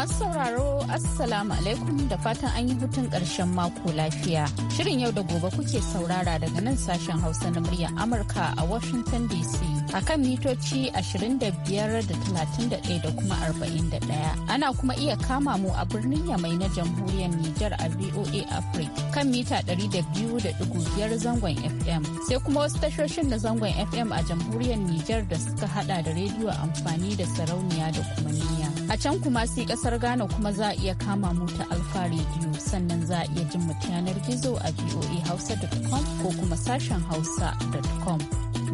Masu sauraro Assalamu alaikum da fatan an yi hutun ƙarshen mako lafiya. Shirin yau da gobe kuke saurara daga nan sashen Hausa na muryar Amurka a Washington DC. A kan mitoci 25 da da kuma 41. Ana kuma iya kama mu a birnin Yamai na jamhuriyar Nijar a VOA Africa kan mita 200.5 zangon FM. Sai kuma wasu tashoshin na zangon FM a jamhuriyar Nijar da suka hada da rediyo amfani da sarauniya da kuma niyya. A can kuma sai kasar Ghana kuma za a iya kama mu ta Alfa rediyo sannan za a iya jin mu yanar gizo a voahausa.com ko kuma sashen hausa.com.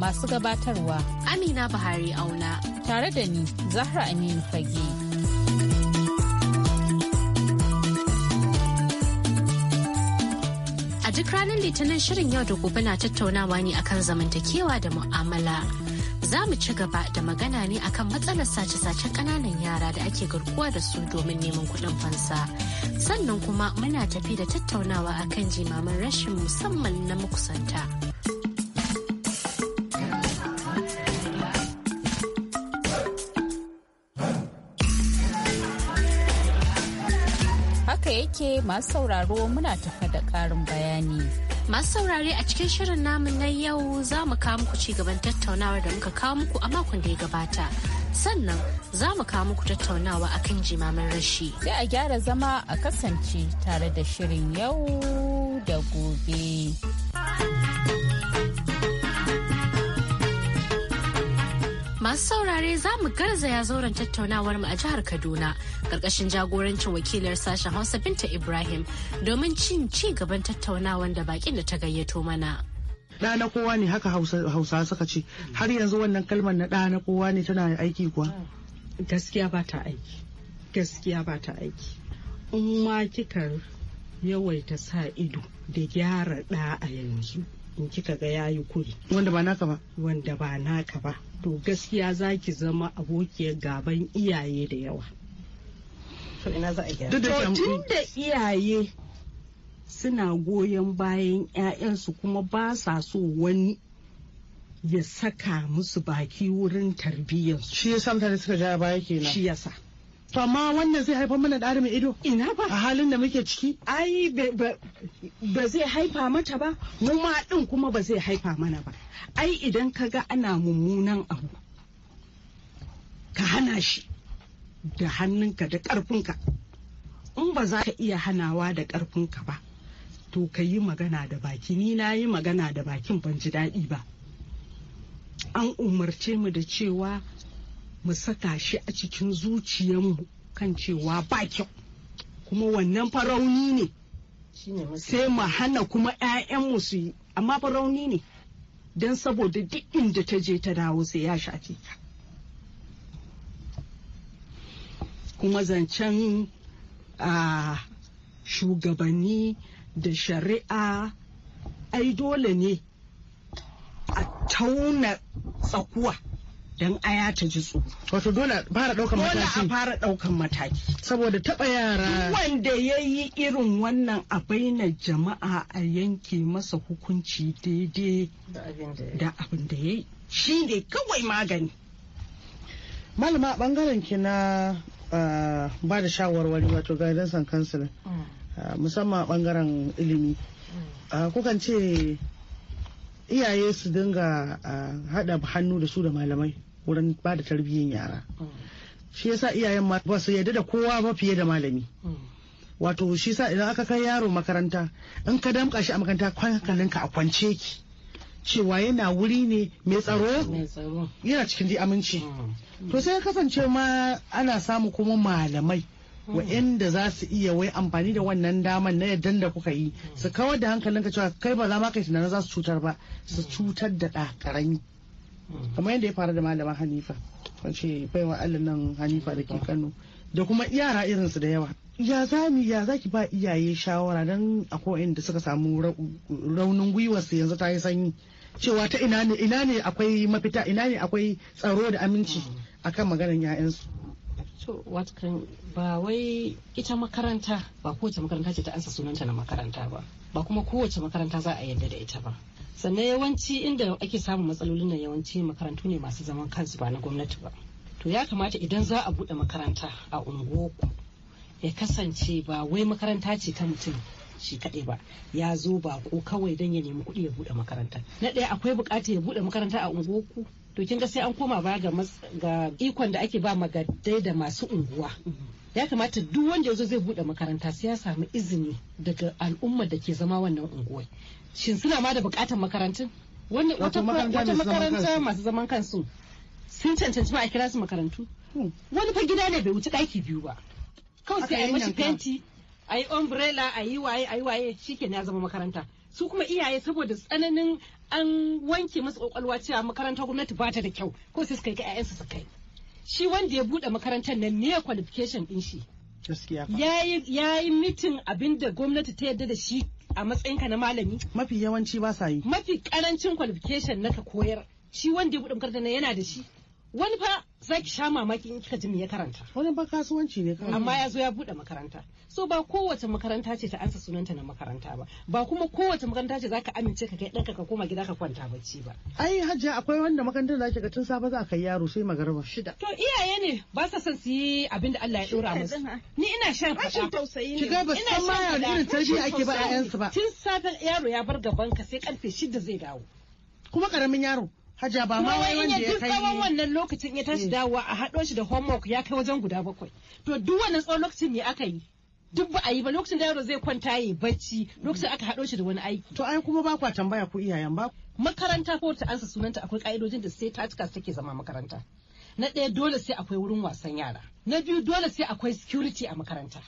Masu gabatarwa Amina Buhari Auna. Tare da ni Zahra Aminu Fage. duk ranar litinin shirin yau da gobe na tattaunawa ne akan zamantakewa da mu'amala za mu ci gaba da magana ne akan matsalar sace-sacen ƙananan yara da ake garkuwa da su domin neman kuɗin fansa. Sannan kuma muna tafi da tattaunawa akan jimaman rashin musamman na makusanta. haka yake masu sauraro muna tafa da ƙarin bayani. Masu saurare a cikin shirin namu na yau za mu kawo muku ci gaban tattaunawar da muka kawo muku a makon da ya gabata. Sannan za mu kawo muku tattaunawa a kan jimamin rashi. Sai a gyara zama a kasance tare da shirin yau da gobe. Masu saurare za mu garzaya zauren tattaunawar mu a jihar Kaduna karkashin jagorancin wakilar sashen Hausa Binta Ibrahim domin cin ci gaban tattaunawar da bakin da ta gayyato mana. ɗa na kowa ne haka hausa suka ce har yanzu wannan kalmar na ɗa na kowa ne tana aiki kuwa gaskiya ba ta aiki gaskiya ba ta aiki in ma kika yawaita sa ido da gyara ɗa a yanzu in kika ga ya yi kuri wanda ba naka ba wanda ba naka ba to gaskiya za ki zama abokiyar gaban iyaye da yawa to ina tunda iyaye suna goyon bayan 'ya'yansu kuma ba sa so wani ya saka musu baki wurin tarbiyyarsu. Shi ya samta da suka baya kenan. Shi ya sa. To amma wannan zai haifar mana da mai ido? Ina ba. A halin da muke ciki? Ai ba zai haifa mata ba, mu ma din kuma ba zai haifa mana ba. Ai idan ka ga ana mummunan abu, ka hana shi da hannunka da ƙarfinka. In ba za ka iya hanawa da ƙarfinka ba, to ka yi magana da baki. Ni na yi magana da bakin ban ji daɗi ba. An umarce mu da cewa mu saka shi a cikin zuciyarmu kan cewa ba kyau kuma wannan farauni ne sai mu hana kuma 'ya'yanmu su yi amma farauni ne don saboda duk inda ta je ta dawo sai ya shafe ta kuma zancen a shugabanni da shari'a ai dole ne a tauna tsakuwa don aya ta ji tsoro. Wato dole a fara ɗaukan mataki. Dole a fara ɗaukan mataki. Saboda taɓa yara. Wanda ya yi irin wannan a bainar jama'a a yanke masa hukunci daidai da abin da ya yi. Shi ne kawai magani. Malama bangaren ki na ba da shawarwari wato gaidan san mm. musamman bangaren ilimi. Mm. kukan ce iyaye su dinga haɗa hannu da su da malamai wurin ba da tarbiyyar yara mm. shi yasa iyayen ma ba su yarda da kowa ba fiye da malami mm. wato shi sa idan aka kai yaro makaranta in ka damka shi a makaranta ka a kwance ki cewa yana wuri ne mai tsaro yana cikin ji aminci mm. to sai kasance ma ana samu kuma malamai wa'inda za su iya wai amfani da wannan daman na yadda da kuka yi su kawar da hankalinka cewa kai ba za ma kai tunanin za su cutar ba su cutar da ɗa ƙarami kamar yadda ya faru da malama hanifa Wacce baiwa allah nan hanifa da ke kano da kuma yara irinsu da yawa ya za mu ya za ki ba iyaye shawara don akwai inda suka samu raunin gwiwarsu yanzu ta yi sanyi cewa ta ina ne ina ne akwai mafita ina ne akwai tsaro da aminci akan maganar 'ya'yansu Wata kan ba wai ita makaranta ba kowace makaranta ce ta ansa sunanta na makaranta ba ba kuma kowace makaranta za a yadda da ita ba sannan yawanci inda ake samun matsalolin nan yawanci makarantu ne masu zaman kansu ba na gwamnati ba to ya kamata idan za a buɗe makaranta a unguwarku ya kasance ba wai makaranta ce ta mutum shi kaɗai ba ya zo ba ko kawai don ya nemi kuɗi ya buɗe makaranta na ɗaya akwai bukatar ya buɗe makaranta a unguwarku to kin ga sai an koma baya ga ga ikon da ake ba magaddai da masu unguwa ya kamata duk wanda yazo zai bude makaranta sai ya samu izini daga al'umma da ke zama wannan unguwa shin suna ma da bukatar makarantun wata makaranta masu zaman kansu sun cancanci ma a kira su makarantu hmm. wani fa gida ne bai wuce daki biyu ba kawai sai a yi mashi fenti a yi umbrella a yi waye a yi waye ne ya zama makaranta su kuma iyaye saboda tsananin an wanke musu kwakwalwa cewa makarantar gwamnati ba ta da kyau ko sai suka yi ƴaƴansu su kai shi wanda ya buɗe makarantar nan ne qualification din shi ya yi mitin abinda gwamnati ta yarda da shi a matsayinka na malami mafi yawanci ba sa yi mafi karancin qualification na koyar shi wanda ya buɗe makarantar nan yana da shi wani fa za ki sha mamaki in kika ji me ya karanta wani ba kasuwanci ne kawai amma ya zo ya bude makaranta so ba kowace makaranta ce ta ansa sunanta na makaranta ba ba kuma kowace makaranta ce zaka amince ka kai danka ka koma gida ka kwanta bacci ba ai hajja akwai wanda makarantar da ga tun safe za ka yaro sai magarba shida to iyaye ne ba sa son su yi abin da Allah ya dora musu ni ina shan rashin tausayi ne shiga ba san ma ya irin tarbiyya ake ba ƴaƴansu ba tun safe yaro ya bar gaban ka sai karfe shida zai dawo kuma karamin yaro Hajiya ba ma wai wanda ya kai tsawon wannan lokacin ya tashi eh. dawowa a haɗo shi da homework ya kai wajen guda bakwai. To duk wannan tsawon lokacin me aka yi? Duk ba a yi ba lokacin da yaro zai kwanta ya bacci lokacin aka haɗo shi da wani aiki. To ai kuma ba kwa tambaya ku iyayen ba. Makaranta ko ta ansa sunanta akwai ka'idojin da sai su take zama makaranta. Na ɗaya dole sai akwai wurin wasan yara. Na biyu dole sai akwai security a makaranta.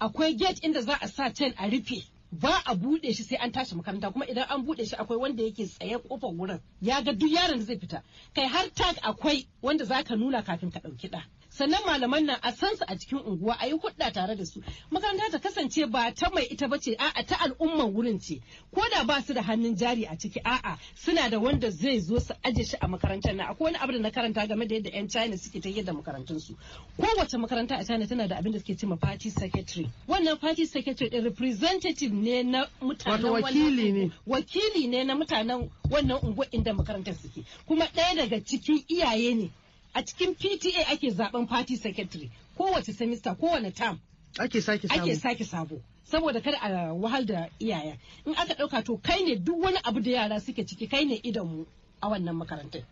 Akwai gate inda za a sa can a rufe. ba a buɗe shi sai an tashi makaranta kuma idan an buɗe shi akwai wanda yake tsaye kofar wurin ya ga duk yaron da zai fita kai har tag akwai wanda zaka nuna kafin ka ɗauki ɗa sannan malaman nan a san su a cikin unguwa a yi hudda tare da su makaranta ta kasance ba ta mai ita bace a'a ta al'umman wurin ce ko da ba su da hannun jari a ciki a'a suna da wanda zai zo su aje shi a makarantar nan akwai wani abu da na karanta game da yadda yan China suke ta yadda makarantun su kowace makaranta a China tana da abin da suke cewa party secretary wannan party secretary din representative ne na mutanen wakili ne wakili ne na mutanen wannan unguwa inda makarantar suke kuma ɗaya daga cikin iyaye ne a cikin PTA ake zaben party secretary kowace semester kowane term ake sake sabo ake sake sabo saboda kada a wahal da iyaya in aka dauka to kai ne duk wani abu da yara suke ciki kai ne idan mu a wannan makarantar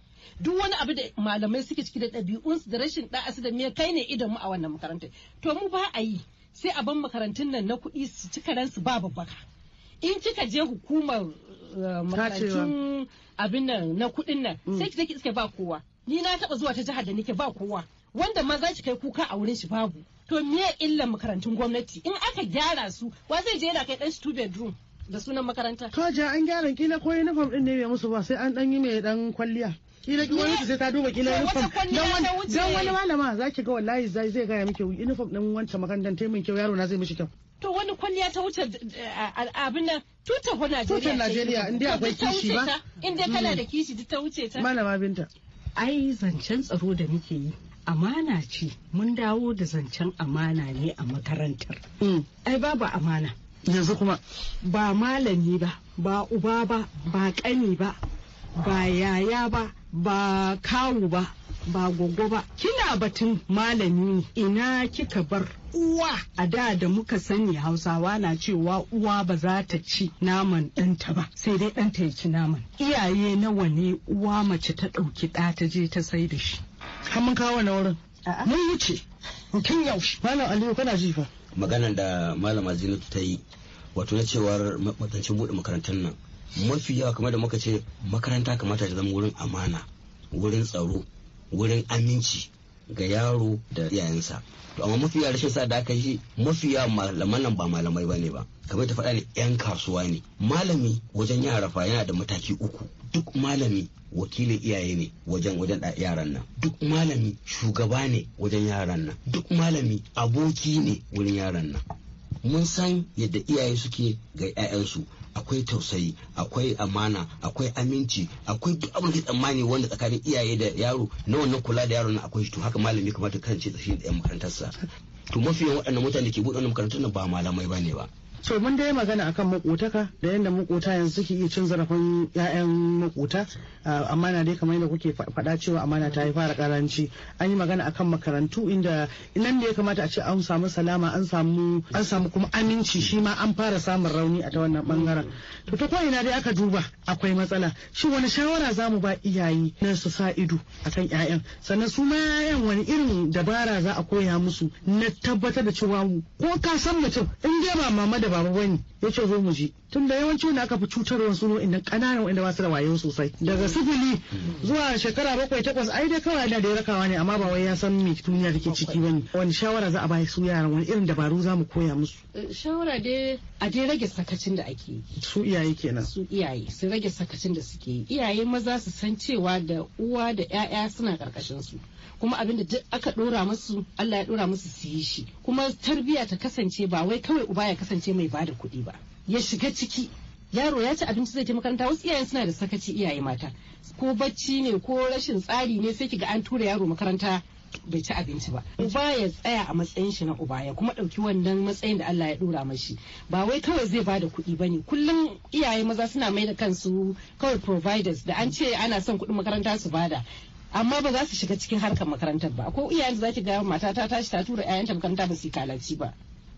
duk wani abu da malamai suke ciki da su da rashin su da me kai ne idan mu a wannan makarantar to mu ba a yi sai a ban makarantun nan na kuɗi su ci su ba babbaka in kika je hukumar eh, makarantun abin nan na kuɗin nan mm. sai ki ba kowa ni na taba zuwa ta jihar da nake ba kowa wanda ma za ki kai kuka a wurin shi babu to miye illan makarantun gwamnati in aka gyara su wa zai je yana kai dan two bedroom da sunan makaranta to ja an gyara kila ko uniform din ne bai musu ba sai an dan yi mai dan kwalliya kila ki wani sai ta duba kila uniform dan wani dan wani malama zaki ga wallahi zai zai ga miki uniform din wancan makarantan taimin kyau yaro na zai mishi kyau to wani kwalliya ta wuce eh, abin nan tutar Najeriya tutar Najeriya inda akwai kishi ba in kana hmm. da kishi ta wuce ta malama binta ai zancen tsaro da muke yi amana ce mun dawo da zancen amana ne a makarantar mm. ai babu amana yanzu kuma ba malami ba ba uba ba ba ƙani ba ba yaya ba ba kawu ba ba gogo ba kina batun malami ne ina kika bar uwa a da da muka sani hausawa na cewa uwa ba za ta ci naman ɗanta ba sai dai ɗanta ya ci naman iyaye nawa ne uwa mace ta ɗauki ɗa ta je ta sai da shi mun kawo na wurin mun wuce kin yaushe malam aliyu kana ji fa maganar da malama zinatu ta yi wato na cewar matsanancin buɗe makarantar nan mafi yawa kamar da muka ce makaranta kamata ta zama wurin amana wurin tsaro wurin aminci ga yaro da iyayensa to amma mafi mafiya rashin sa da aka yi mafi mafiya malaman nan ba malamai bane ba kamar ta faɗa ne yan kasuwa ne malami wajen yara fa yana da mataki uku duk malami wakilin iyaye ne wajen wajen yaran nan duk malami shugaba ne wajen yaran nan duk malami aboki ne wurin yaran nan mun san yadda iyaye suke ga 'ya'yansu akwai tausayi akwai amana akwai aminci akwai duk abin da tsammani wanda tsakanin iyaye da yaro na wannan kula da yaro na akwai shi to haka malami kamata kasance da shi da yan makarantarsa to mafi yawan waɗannan mutane ke buɗe wannan makarantar ba malamai ne ba so mun dai magana akan makotaka da yadda makota yanzu suke iya cin zarafin 'ya'yan makota amana dai kamar yadda kuke faɗa cewa amana ta yi fara karanci an yi magana akan makarantu inda nan da ya kamata a ce an samu salama an samu samu kuma aminci shi ma an fara samun rauni a ta wannan bangaren to ta ina dai aka duba akwai matsala shi wani shawara za mu ba iyaye na su sa ido akan 'ya'yan sannan su ma 'ya'yan wani irin dabara za a koya musu na tabbatar da cewa ko ka san mutum in dai ba mama da baba bane ya ce zo mu je tun da yawanci wanda aka fi cutarwa suno ne ƙananan wanda ba su da wayo sosai daga sifili zuwa shekara bakwai takwas ai dai kawai da ya rakawa ne amma ba wai ya san me duniya take ciki bane wani shawara za a ba su yaran wani irin dabaru za mu koya musu eh, shawara dai a dai rage sakacin da ake yi su iyaye kenan su iyaye su rage sakacin da suke yi iyaye maza su san cewa da uwa da 'ya'ya suna karkashin su kuma abin da aka dora musu Allah ya dora musu su yi shi kuma tarbiyya ta kasance ba wai kawai uba ya kasance mai bada kuɗi ba ya shiga ciki yaro ya ci abinci zai je makaranta wasu iyayen suna da sakaci iyaye mata ko bacci ne ko rashin tsari ne sai kiga an tura yaro makaranta bai ci abinci ba uba ya tsaya a matsayin shi na uba ya kuma ɗauki wannan matsayin da Allah ya dora mashi ba wai kawai zai bada kuɗi ba ne kullum iyaye maza suna mai da kansu kawai providers da an ce ana son kuɗin makaranta su bada amma ba za su shiga cikin harkar makarantar ba ko iyayen za ki ga mata ta tashi ta tura 'ya'yanta makaranta ba su yi kalaci ba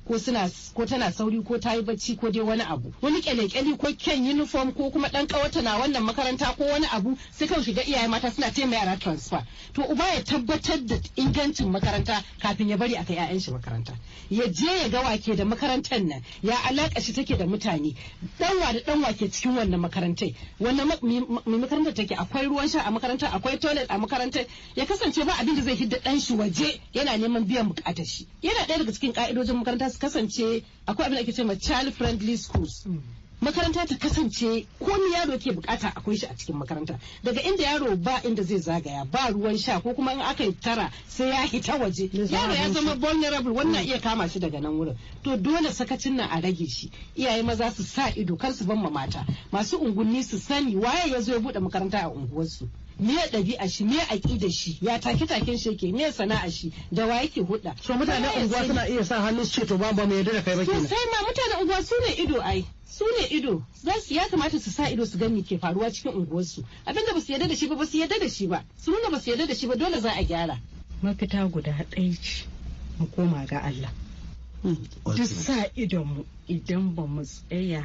ko suna ko tana sauri ko ta yi bacci ko dai wani abu wani kyalekyali ko kyan uniform ko kuma dan kawata na wannan makaranta ko wani abu sai kawai shiga iyaye mata suna mai yara transfer to uba ya tabbatar da ingancin makaranta kafin ya bari aka yayan shi makaranta ya je ya ga wake da makarantar nan ya alaka shi take da mutane danwa da danwa ke cikin wannan makarantai wannan mai makarantar take akwai ruwan sha a makarantar akwai toilet a makarantar ya kasance ba abin da zai hidda dan shi waje yana neman biyan bukatar shi yana daya daga cikin ka'idojin makaranta kasance akwai abin da ake cewa child friendly schools hmm. makaranta ta kasance komi yaro ke bukata akwai shi a cikin makaranta daga inda yaro ba inda zai zagaya ba ruwan sha ko kuma in aka yi tara sai ya hita waje yaro ya zama vulnerable wannan hmm. iya kama shi daga nan wurin to dole sakacin nan a rage shi iyaye maza su sa ido kar su ban mata masu unguwanni su sani waye ya zo ya bude makaranta a unguwarsu me ɗabi'a shi me da shi ya take taken shi yake me sana'a shi da wa yake huɗa. so mutanen unguwa suna iya sa hannu su ce to ba mu yadda da kai ba ke sai ma mutanen unguwa su ne ido ai su ne ido su ya kamata su sa ido su gani ke faruwa cikin unguwarsu abinda ba su yadda da shi ba ba su yadda da shi ba su nuna ba su yadda da shi ba dole za a gyara mafita guda ɗaya ce mu koma ga Allah duk sa idon mu idan ba mu tsaya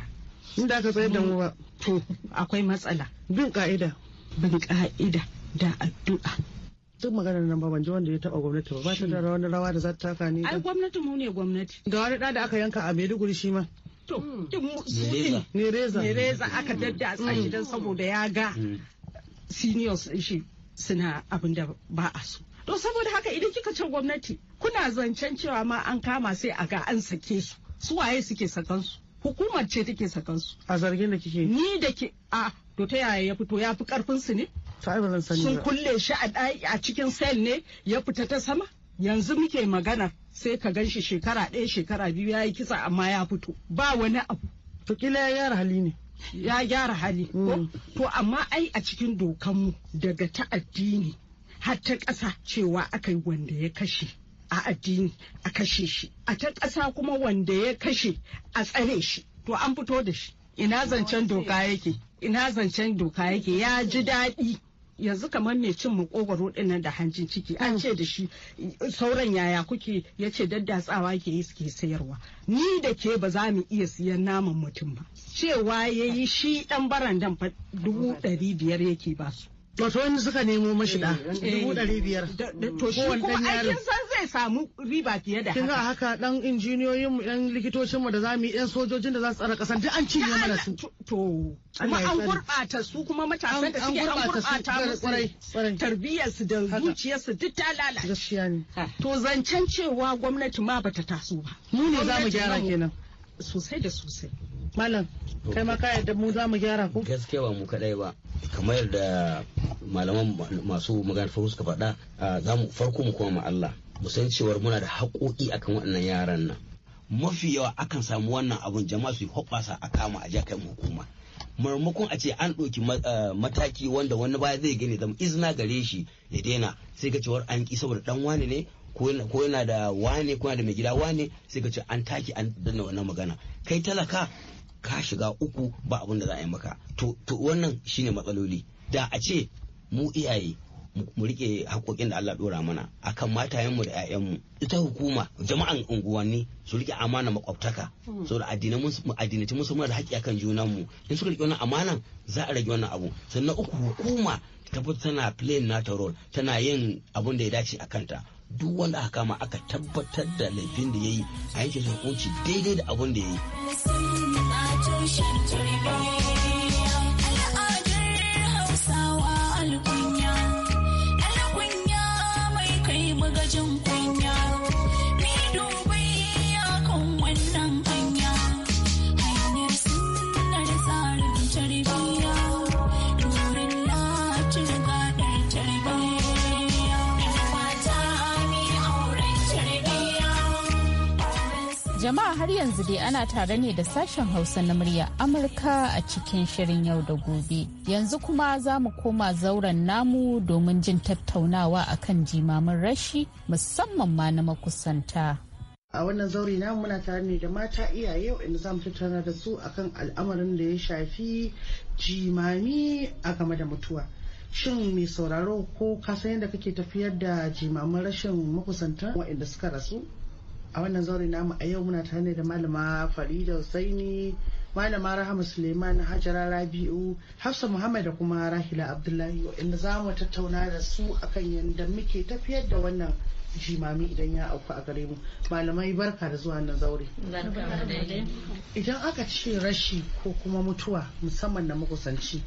inda aka tsayar da mu ba to akwai matsala bin ka'ida bin ka'ida da addu'a duk maganar nan ba ban ji wanda ya taba gwamnati ba ba ta da wani rawa da za ta taka ne ai gwamnati mu ne gwamnati ga wani da aka yanka a Maiduguri shi ma to hmm. ne reza aka a tsaki dan hmm. saboda ya ga hmm. seniors shi suna abin da ba a so to saboda haka idan kika ce gwamnati kuna zancen cewa ma an kama sai a ga an sake su su waye suke sakan su hukumar ce take sakan su a zargin da kike ni da ke a to ta yaya ya fito ya fi karfin su ne sun kulle shi a cikin sel ne ya fita ta sama yanzu muke magana sai ka ganshi shekara ɗaya shekara biyu ya yi kisa amma ya fito ba wani abu to kila ya gyara hali ne ya gyara hali mm. to amma ai a cikin dokanmu daga ta addini har ta ƙasa cewa aka yi wanda ya kashe a addini a kashe shi a ta ƙasa kuma wanda ya kashe a tsare shi to an fito da shi ina zancen doka yake ina zancen doka yake ya ji daɗi yanzu kamar mai cin makogwaro dinnan da hancin ciki an ce da shi sauran yaya kuke ya ce daddatsawa ke yi suke sayarwa ni da ke ba za mu iya siyan naman mutum ba cewa ya yi shi dan barandan dubu ɗari biyar yake ba su Wato wani suka nemo mashi eh, da dubu ɗari biyar. To shi kuma aikin san zai samu riba fiye da haka. Kinga haka ɗan injiniyoyin mu ɗan mu da za mu yi ɗan sojojin da za su tsara ƙasar duk an cinye mana su. To kuma an gurɓata su kuma matasan da suke an gurɓata musu tarbiyyarsu da zuciyarsu duk ta lalace. Gaskiya ne. To zancen cewa gwamnati ma bata taso ba. Mu ne za mu gyara kenan. Sosai da sosai. malam kai ma ka yadda mu za mu gyara ko gaskiya ba mu kadai ba kamar yadda malaman masu magana faru suka faɗa za mu farko mu koma Allah mu san muna da haƙoƙi akan waɗannan yaran nan mafi yawa akan samu wannan abun jama'a su hoɓasa a kama a kai mu hukuma marmakon a ce an ɗauki mataki wanda wani baya zai gani zama izina gare shi ya daina sai ka cewar an ƙi saboda ɗan wani ne ko yana da wane ko yana da mai gida wane sai ka ce an taki an danna wannan magana kai talaka ka shiga uku ba abin da za a yi maka to wannan shine matsaloli da a ce mu iyaye mu rike haƙoƙin da Allah dora mana akan matayenmu da 'ya'yanmu ita hukuma jama'an unguwanni su rike amana makwabtaka mm. da addinai mu suna da haƙƙi akan mu in suka rike wannan amanan za a rage wannan abu sannan uku hukuma ta tabbatar tana playing nata role tana yin abun da ya dace a kanta duk wanda aka kama aka tabbatar da laifin da ya yi a yanke hukunci daidai da abun da ya yi. ocean, be back. Jama'a har yanzu dai ana tare ne da sashen Hausa na murya Amurka a cikin shirin yau da gobe. Yanzu kuma za mu koma zauren namu domin jin tattaunawa akan jimamin rashi musamman ma na makusanta. a wannan zauri namu muna tare ne da mata iyaye inda za mu tattauna da su akan al'amarin da ya shafi jimami a game da mutuwa shin mai sauraro ko kasan yadda kake tafiyar da jimamin rashin makusanta waɗanda suka rasu a wannan zaure namu a yau muna tare da malama farida husaini malama rahama suleiman hajara rabi'u hafsa muhammad da kuma rahila abdullahi inda za mu tattauna da su akan yadda muke tafiyar da wannan jimami idan ya auku a gare mu malamai barka da zuwa nan zaure idan aka ce rashi ko kuma mutuwa musamman na makusanci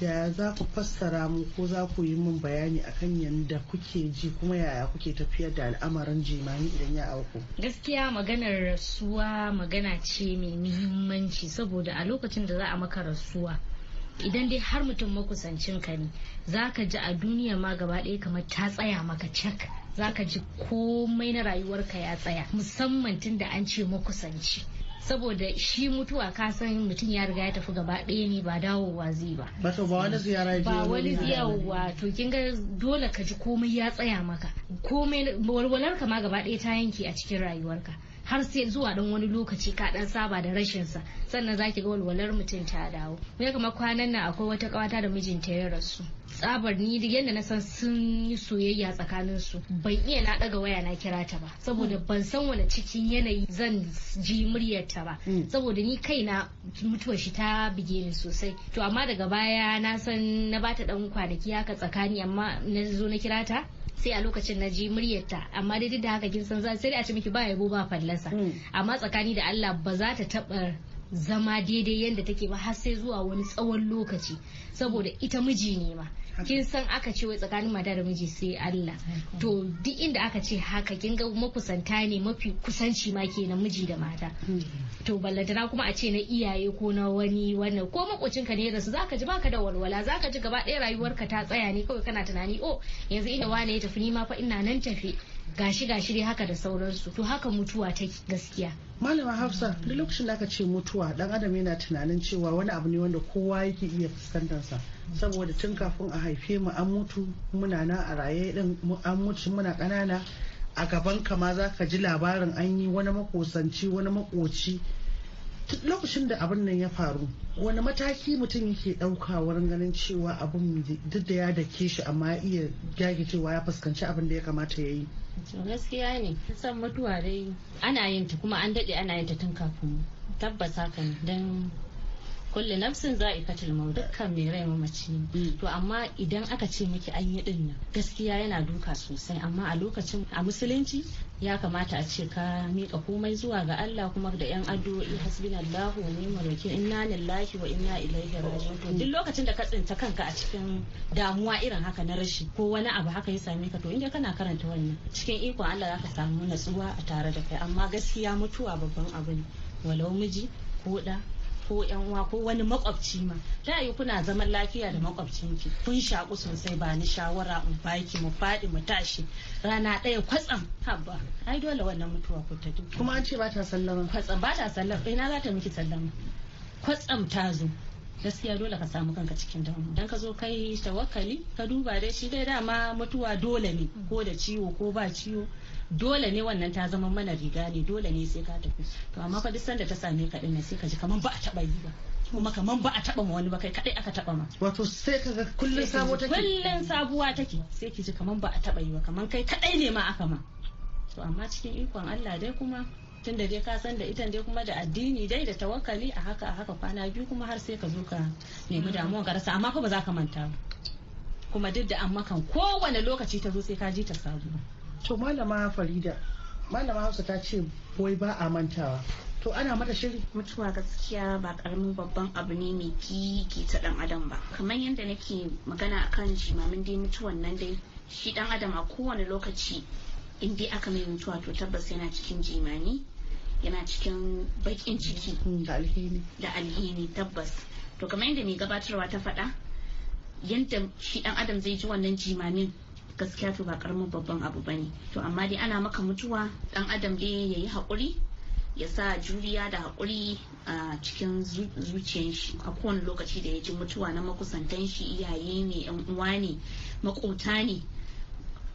yaya za ku fassara mu ko za ku yi mun bayani akan yadda kuke ji kuma yaya kuke tafiyar da al'amarin jimani idan ya auku gaskiya maganar rasuwa magana ce mai muhimmanci saboda a lokacin da za a maka rasuwa idan dai har mutum makusancin ka ne za ka ji a duniya ma gaba ɗaya kamar ta tsaya maka cak za ka ji komai na rayuwarka ya tsaya musamman tun da an ce makusanci saboda shi mutuwa ka san mutum ya riga ya tafi gaba ɗaya ne ba dawowa zai ba ba wani ziyarwa to kin ga dole ka ji komai ya tsaya maka komai walwalar ma gaba ɗaya ta yanke a cikin rayuwarka har sai zuwa dan wani lokaci ka dan saba da rashin sa sannan zaki ga walwalar mutum ta dawo me kama kwanan nan akwai wata kawata da mijinta ya rasu tsabar ni duk yadda na san sun yi soyayya tsakanin su ban iya na daga waya na kira ta ba saboda ban san wani cikin yanayi zan ji muryarta ba mm. saboda ni kaina mutuwar shi ta bige ni sosai to amma daga baya na san na bata dan kwanaki haka tsakani amma na zo na kira ta sai a lokacin na ji muryarta amma dai duk da haka kin san za sai a ce miki ba yabo ba fallasa hmm. amma tsakani da Allah ba za ta taba zama daidai yadda take ba har sai zuwa wani tsawon lokaci saboda ita miji ne ma kin san aka ce wai tsakanin mata da miji sai Allah to duk inda aka ce haka kin ga makusanta ne mafi kusanci ma kenan miji da mata hmm. to na kuma a ce na iyaye ko na wani wannan ko makocin ka ne da su zaka ji baka da walwala zaka ji gaba ɗaya rayuwarka ta tsaya ne kawai kana tunani oh yanzu ina wane ya tafi ni ma fa ina nan tafi gashi gashi dai haka da sauransu to haka mutuwa ta gaskiya malama hafsa duk lokacin da aka ce mutuwa dan adam yana tunanin cewa wani abu ne wanda kowa yake iya fuskantar sa saboda tun kafin a haife mu an mutu muna nan a raye din an mutu muna kanana a gaban ka ma zaka ji labarin an yi wani makosanci wani makoci lokacin da abin nan ya faru wani mataki mutum yake ɗauka wurin ganin cewa abin duk da ya dake shi amma ya iya cewa ya fuskanci abin da ya kamata ya yi gaskiya ne san mutuwa dai ana yin ta kuma an daɗe ana yin ta tun kafin tabbas haka don kulli nafsin za'iqatul maut dukkan mai rai mamaci ne mm. to amma idan aka ce miki an yi din nan gaskiya yana duka sosai amma a lokacin a musulunci ya kamata a ce ka mika komai zuwa ga Allah kuma da yan addu'o'i hasbinallahu wa ni'mal wakil inna lillahi wa inna ilaihi raji'un duk lokacin da ka tsinta kanka a cikin damuwa irin haka na rashi ko wani abu haka ya same ka to inda kana karanta wannan cikin ikon Allah zaka samu natsuwa a tare da kai amma gaskiya mutuwa babban abu ne walau miji ko da ko yan uwa ko wani makwabci ma ta yi kuna zaman lafiya da makwabcinki kun shaku sosai ba ni shawara in baki mu faɗi mu tashi rana ɗaya kwatsam haba ai dole wannan mutuwa ku ta duk kuma an ce ba ta sallama kwatsam ba ta sallama ina za ta miki sallama kwatsam ta zo gaskiya dole ka samu kanka cikin damu dan ka zo kai tawakkali ka duba dai shi dai dama mutuwa dole ne ko da ciwo ko ba ciwo dole ne wannan ta zama mana riga ne dole ne sai ka tafi to amma fa duk sanda ta same ka din sai ka ji kaman ba a taba yi ba kuma kaman ba a taba ma wani ba kai kadai aka taba ma wato sai ka ga kullun sabo take kullun sabuwa take sai ki ji kaman ba a taba yi ba kaman kai kadai ne ma aka ma to amma cikin ikon Allah dai kuma tun da dai ka san da ita dai kuma da addini dai da tawakkali a haka a haka kwana biyu kuma har sai ka zo ka nemi damuwa ka rasa amma fa ba za ka manta ba kuma duk da an makan kowane lokaci ta zo sai ka ji ta sabuwa to malama farida malama hausa ta ce wai ba a mantawa to ana mata shiri mutuwa gaskiya ba karamin babban abu ne mai kiki ta dan adam ba kamar yadda nake magana akan jimamin dai mutuwan nan dai shi dan adam a kowane lokaci in dai aka mai mutuwa to tabbas yana cikin jimani yana cikin bakin ciki mm, da alhini da alheri tabbas to kamar yadda mai gabatarwa ta faɗa yadda shi dan adam zai ji wannan jimamin gaskiya to ba karamin babban abu ba ne, to amma dai ana maka mutuwa ɗan adam dai yi haƙuri, ya sa juriya da haƙuri a cikin zuciyar shi a kowane lokaci da ya ji mutuwa na makusantan shi iyaye ne yan uwa ne makota ne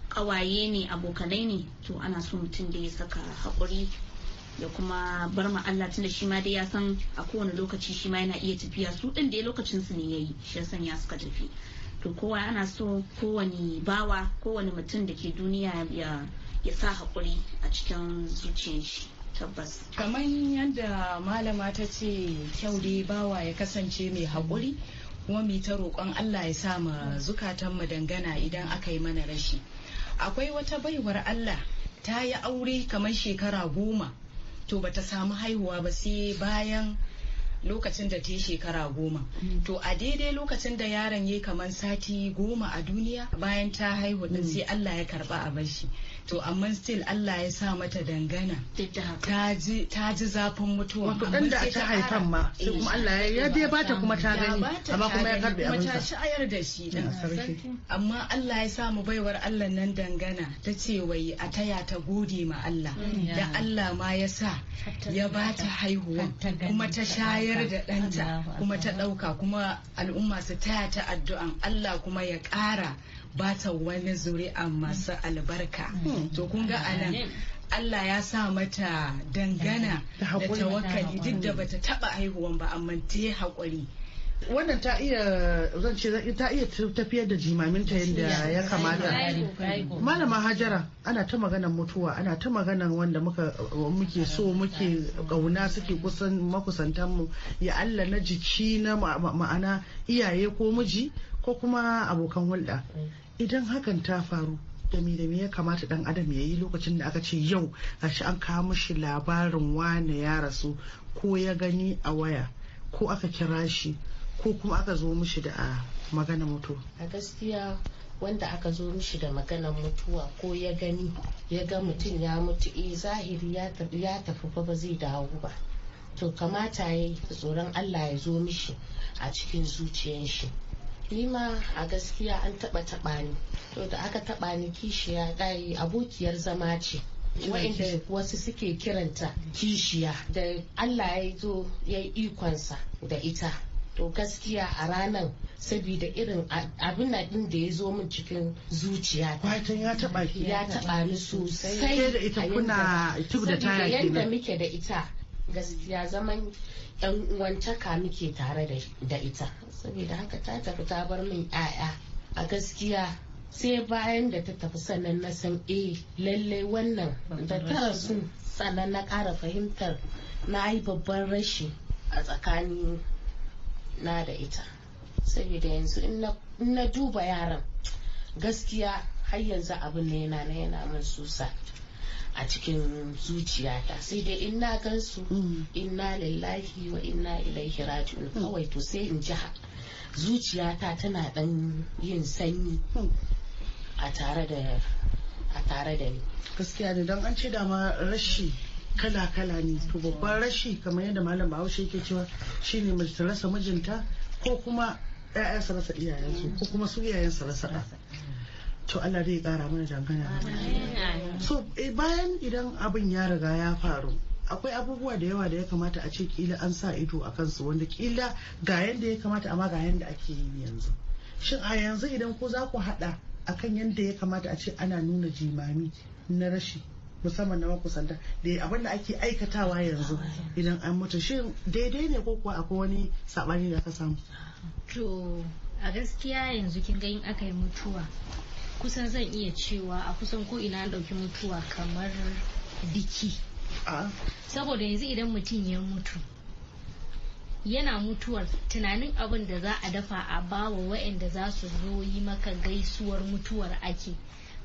ƙawaye ne abokanai ne to ana so mutum da ya saka haƙuri ya kuma bar ma Allah tunda shi ma dai ya san a kowane lokaci shi ma yana iya tafiya su ɗin da lokacin su ne yayi shi ya san ya suka tafi to kowa ana so kowane bawa kowane mutum da ke duniya ya sa haƙuri a cikin zuciyar shi tabbas kamar yadda malama ta ce kyau dai bawa ya kasance mai haƙuri kuma mai ta roƙon allah ya sa ma mu dangana idan aka yi mana rashi akwai wata baiwar allah ta yi aure kamar shekara goma to bata samu haihuwa ba sai bayan lokacin da ta yi shekara goma mm. to a daidai lokacin da yaron ya kamar sati goma a duniya bayan ta haihu din mm. sai Allah ya karba a shi to amma still Allah ya sa mata dangana ta ji zafin mutuwa amma da ta haifan ma sai eh, kuma Allah ya ba bata kuma ta gani amma kuma ya karbe abin ta shayar da shi din amma Allah ya sa mu baiwar Allah nan dangana ta ce wai a taya ta gode ma Allah mm, da Allah ma ya sa ya bata haihuwa kuma ta shayar ciyar da ɗanta kuma ta ɗauka kuma al'umma su taya ta addu'an Allah kuma ya ƙara ba ta wani zuri'a masu albarka hmm. to kun ga anan Allah ya sa mata dangana da tawakkali duk da bata taɓa haihuwan ba amma ta yi haƙuri wannan ta iya zan ce ta iya tafiyar da jimaminta yadda ya kamata malama hajara ana ta maganar mutuwa ana ta magana wanda muke so muke kauna suke kusan makusantan mu ya Allah na jiki na ma'ana iyaye ko miji ko kuma abokan hulɗa idan hakan ta faru dami dame ya kamata dan adam ya yi lokacin da aka ce yau a shi an kawo mishi labarin wane ya rasu ko ya gani a waya ko aka kira shi ko kuma aka zo mishi da magana mutu. a gaskiya wanda aka zo mishi da maganar mutuwa ko ya gani ya ga mutum ya mutu eh zahiri ya tafi fa ba zai dawo ba to kamata ya yi tsoron allah ya zo mishi a cikin zuciyar shi nima a gaskiya an taba taba ni to da aka taba ni kishiya dai abokiyar zama ce wa'inda wasu suke kiranta kishiya da allah ya zo ya yi ikonsa da ita to gaskiya a ranan saboda irin abin na din da ya zo min cikin zuciya ta ya taba ki ya taba ni sosai da ita kuna tub da taya yanda muke da ita gaskiya zaman yan uwantaka muke tare da ita saboda haka ta tafi ta bar min 'ya'ya a gaskiya sai bayan da ta tafi sannan na san eh lalle wannan da ta rasu sannan na kara fahimtar na yi babban rashi a tsakanin na da ita saboda yanzu in na duba yaran gaskiya har yanzu abin ne yana na yana min susa a cikin zuciyata sai dai in na gansu mm. inna lillahi wa inna ilaihi raji'un mm. kawai to sai in ji zuciyata tana dan yin sanyi mm. a tare da ni gaskiya da don an ce dama rashi kala-kala ne to babban rashi kamar yadda malam bahaushe yake cewa shine mace rasa mijinta ko kuma 'ya'ya su rasa iyayensu ko kuma su iyayen su rasa to Allah zai kara mana dangana so eh, bayan idan abin ya riga ya faru akwai abubuwa da yawa da ya kamata a ce kila an sa ido a kansu wanda kila ga yadda ya kamata amma ga yadda ake yi yanzu shin a yanzu idan ko za ku haɗa akan yadda ya kamata a ce ana nuna jimami na rashi musamman na makusanta da abin ake aikatawa yanzu idan an mutu shin daidai ne ko kuwa akwai wani sabani da ka samu to a gaskiya yanzu kin ga in aka yi mutuwa kusan zan iya cewa a kusan ko ina an ɗauki mutuwa kamar diki saboda yanzu idan mutum ya mutu yana mutuwar tunanin abin da za a dafa a bawa wa'anda za su zo yi maka gaisuwar mutuwar ake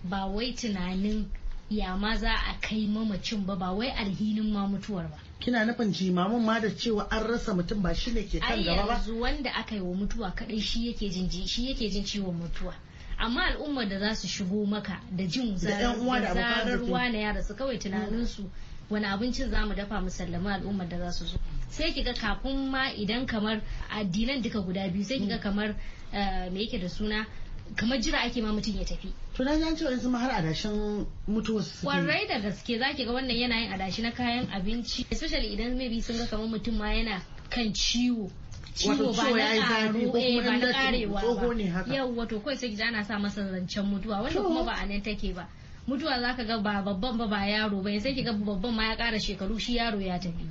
ba wai tunanin ya ma za a kai mamacin ba ba wai alhinin ma mutuwar ba kina nufin jimamin ma da cewa an rasa mutum ba shine ke kan gaba ba yanzu wanda aka yi wa mutuwa kadai shi yake jin shi yake jin ciwon mutuwa amma al'ummar da za su shigo maka da jin zararwa na yara su kawai tunaninsu wani abincin za mu dafa mu sallama al'ummar da za su zo sai kiga kafin ma idan kamar addinan duka guda biyu sai kiga mm. kamar eh, me yake da suna kamar jira ake ma mutum ya tafi to na ji cewa har adashin mutuwa su kwarai da gaske zaki ga wannan yana yin adashi na kayan abinci especially idan maybe sun ga kamar mutum ma yana kan ciwo ciwo ba na karo eh, ba na karewa ba yau wato kawai sai ana sa masa zancen mutuwa wanda kuma ba a nan take ba mutuwa za ka ga ba babban ba ba yaro ba sai ki babban ma ya kara shekaru shi yaro ya tafi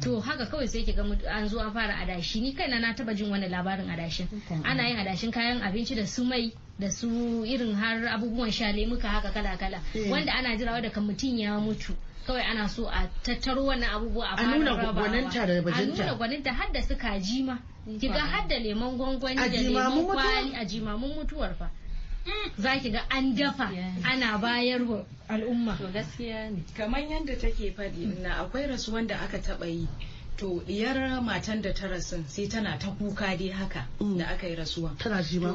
to haka kawai sai ki ga an zo an fara adashi ni kaina na taba jin wani labarin adashin ana yin adashin kayan abinci da su mai da su irin har abubuwan sha lemuka haka kala kala eh. wanda ana jirawa da kan mutum ya mutu kawai ana so a tattaro wannan abubuwa a fara rabawa a nuna gwaninta da bajinta a nuna gwaninta har da su kaji ma kiga har da lemon gwangwani da lemon kwali a jimamin mutuwar fa za ki ga an dafa ana bayar wa al'umma to gaskiya ne kamar yadda take faɗi na akwai rasuwan da aka taɓa yi to diyar matan da ta rasu sai tana ta kuka dai haka mm. da aka yi rasuwa tana ji ma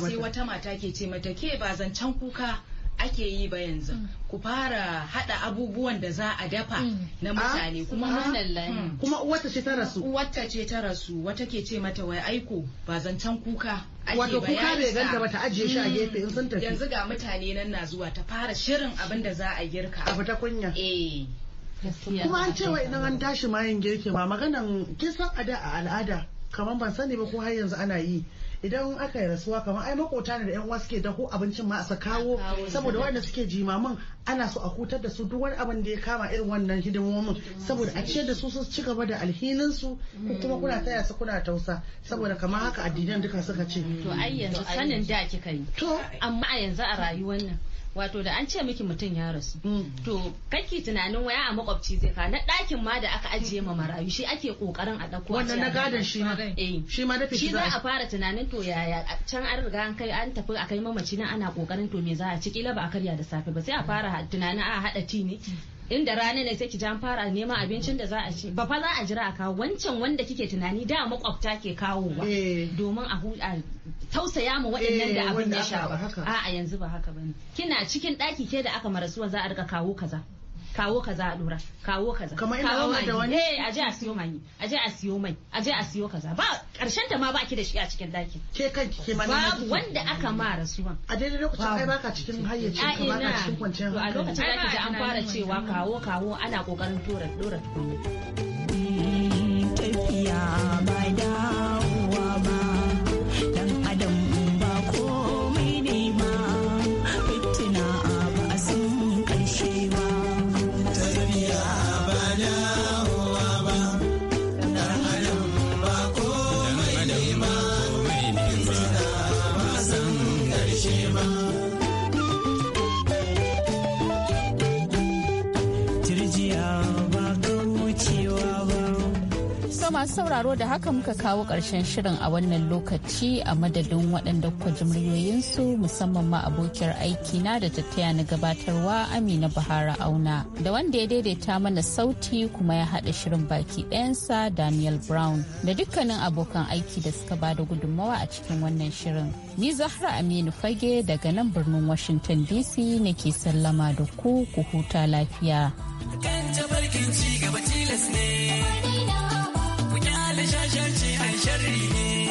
sai wata mata ke ce mata ke ba zancen kuka ake yi ba yanzu mm. ku fara hada abubuwan da za a dafa mm. na ah, mutane kuma mm. kuma wata ce ta rasu wata ce ta rasu wata ke ce mata wai aiko ba zancen kuka wato kuka bai ganta ba ta ajiye shi a gefe in sun tafi yanzu ga mutane nan na zuwa ta fara shirin abin da za a girka a fita kunya eh kuma an ce wai idan an tashi mayin girki ma maganan kisan ada a al'ada kamar ban sani ba ko har yanzu ana yi idan aka yi rasuwa kamar ai makota ne da yan uwa suke dako abincin ma a kawo saboda wanda suke jimamin ana so a hutar da su duk wani abin da ya kama irin wannan hidimomin saboda a ciyar da su su ci gaba da alhinin su kuma kuna taya su kuna tausa saboda kamar haka addinan duka suka ce to ai yanzu sanin da kika yi to amma a yanzu a rayuwar nan wato da an ce miki mutum ya rasu mm. to kanki tunanin waya a makwabci zai ka na ɗakin ma da aka ajiye ma marayu shi ake kokarin a ɗauko wannan na gadon shi ma eh. shi ma dafi shi za a fara tunanin to yaya can an riga an kai an tafi a kai mamaci na ana kokarin to me za a ci kila ba a karya da safe ba sai a fara tunanin a haɗa ti ne mm. inda rana ne sai ki jan fara neman abincin da za a ci ba fa za a jira a kawo wancan wanda kike tunani da makwabta ke kawowa eh. domin a tausaya ma waɗannan da eh, abin ya sha ba a'a yanzu ba haka bane kina cikin ɗaki ke da aka marasuwa za a rika kawo kaza kawo kaza a dora kawo kaza kamar ina mai da wani eh aje a siyo mai aje a siyo mai aje a siyo kaza ba karshen ta ma baki da shi a cikin daki ke kanki ke mana babu wanda aka ma rasuwan a daidai lokacin kai baka cikin hayyacin ka baka cikin kwanciyar hankali a lokacin da an fara cewa kawo kawo ana kokarin tora dora tafiya mai da masu sauraro da haka muka kawo ƙarshen shirin a wannan lokaci a madadin waɗanda kuka ji muryoyinsu musamman ma abokiyar aiki na da tattaya na gabatarwa Amina Bahara Auna da wanda ya daidaita mana sauti kuma ya haɗa shirin baki ɗayansa Daniel Brown da dukkanin abokan aiki da suka ba da gudunmawa a cikin wannan shirin. Ni Zahra Aminu Fage daga nan birnin Washington DC nake sallama da ku ku huta lafiya. Kan ci gaba tilas ne. ce a sharri ne